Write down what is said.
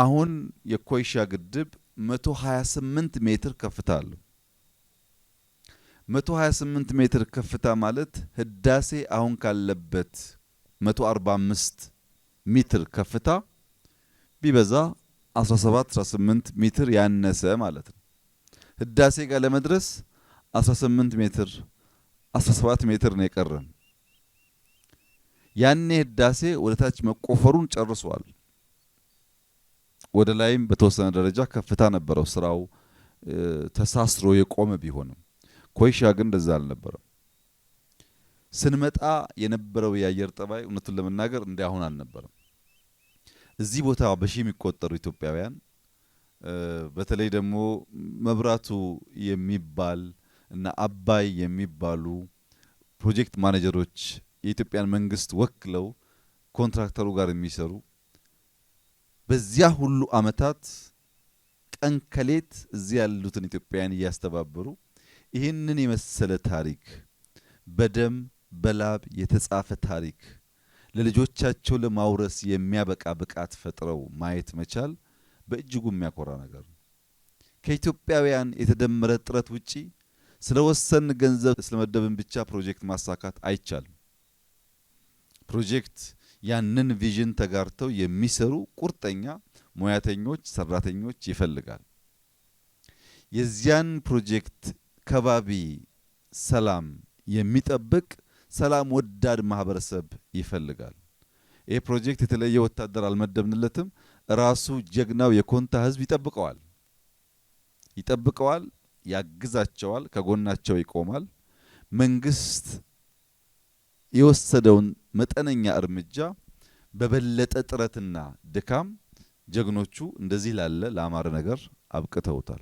አሁን የኮይሻ ግድብ 128 ሜትር ከፍታ አለው። 128 ሜትር ከፍታ ማለት ህዳሴ አሁን ካለበት 145 ሜትር ከፍታ ቢበዛ 17 18 ሜትር ያነሰ ማለት ነው። ህዳሴ ጋር ለመድረስ 18 ሜትር 17 ሜትር ነው የቀረን። ያኔ ህዳሴ ወደ ታች መቆፈሩን ጨርሷል። ወደ ላይም በተወሰነ ደረጃ ከፍታ ነበረው። ስራው ተሳስሮ የቆመ ቢሆንም ኮይሻ ግን እንደዛ አልነበረም። ስንመጣ የነበረው የአየር ጠባይ እውነቱን ለመናገር እንዲ አሁን አልነበረም። እዚህ ቦታ በሺ የሚቆጠሩ ኢትዮጵያውያን በተለይ ደግሞ መብራቱ የሚባል እና አባይ የሚባሉ ፕሮጀክት ማኔጀሮች የኢትዮጵያን መንግስት ወክለው ኮንትራክተሩ ጋር የሚሰሩ በዚያ ሁሉ ዓመታት ቀን ከሌት እዚህ ያሉትን ኢትዮጵያውያን እያስተባበሩ ይህንን የመሰለ ታሪክ በደም በላብ የተጻፈ ታሪክ ለልጆቻቸው ለማውረስ የሚያበቃ ብቃት ፈጥረው ማየት መቻል በእጅጉ የሚያኮራ ነገር ነው። ከኢትዮጵያውያን የተደመረ ጥረት ውጪ ስለ ወሰን ገንዘብ ስለመደብን ብቻ ፕሮጀክት ማሳካት አይቻልም። ፕሮጀክት ያንን ቪዥን ተጋርተው የሚሰሩ ቁርጠኛ ሙያተኞች፣ ሰራተኞች ይፈልጋል። የዚያን ፕሮጀክት ከባቢ ሰላም የሚጠብቅ ሰላም ወዳድ ማህበረሰብ ይፈልጋል። ይህ ፕሮጀክት የተለየ ወታደር አልመደብንለትም። ራሱ ጀግናው የኮንታ ህዝብ ይጠብቀዋል ይጠብቀዋል፣ ያግዛቸዋል፣ ከጎናቸው ይቆማል። መንግስት የወሰደውን መጠነኛ እርምጃ በበለጠ ጥረትና ድካም ጀግኖቹ እንደዚህ ላለ ለአማረ ነገር አብቅተውታል።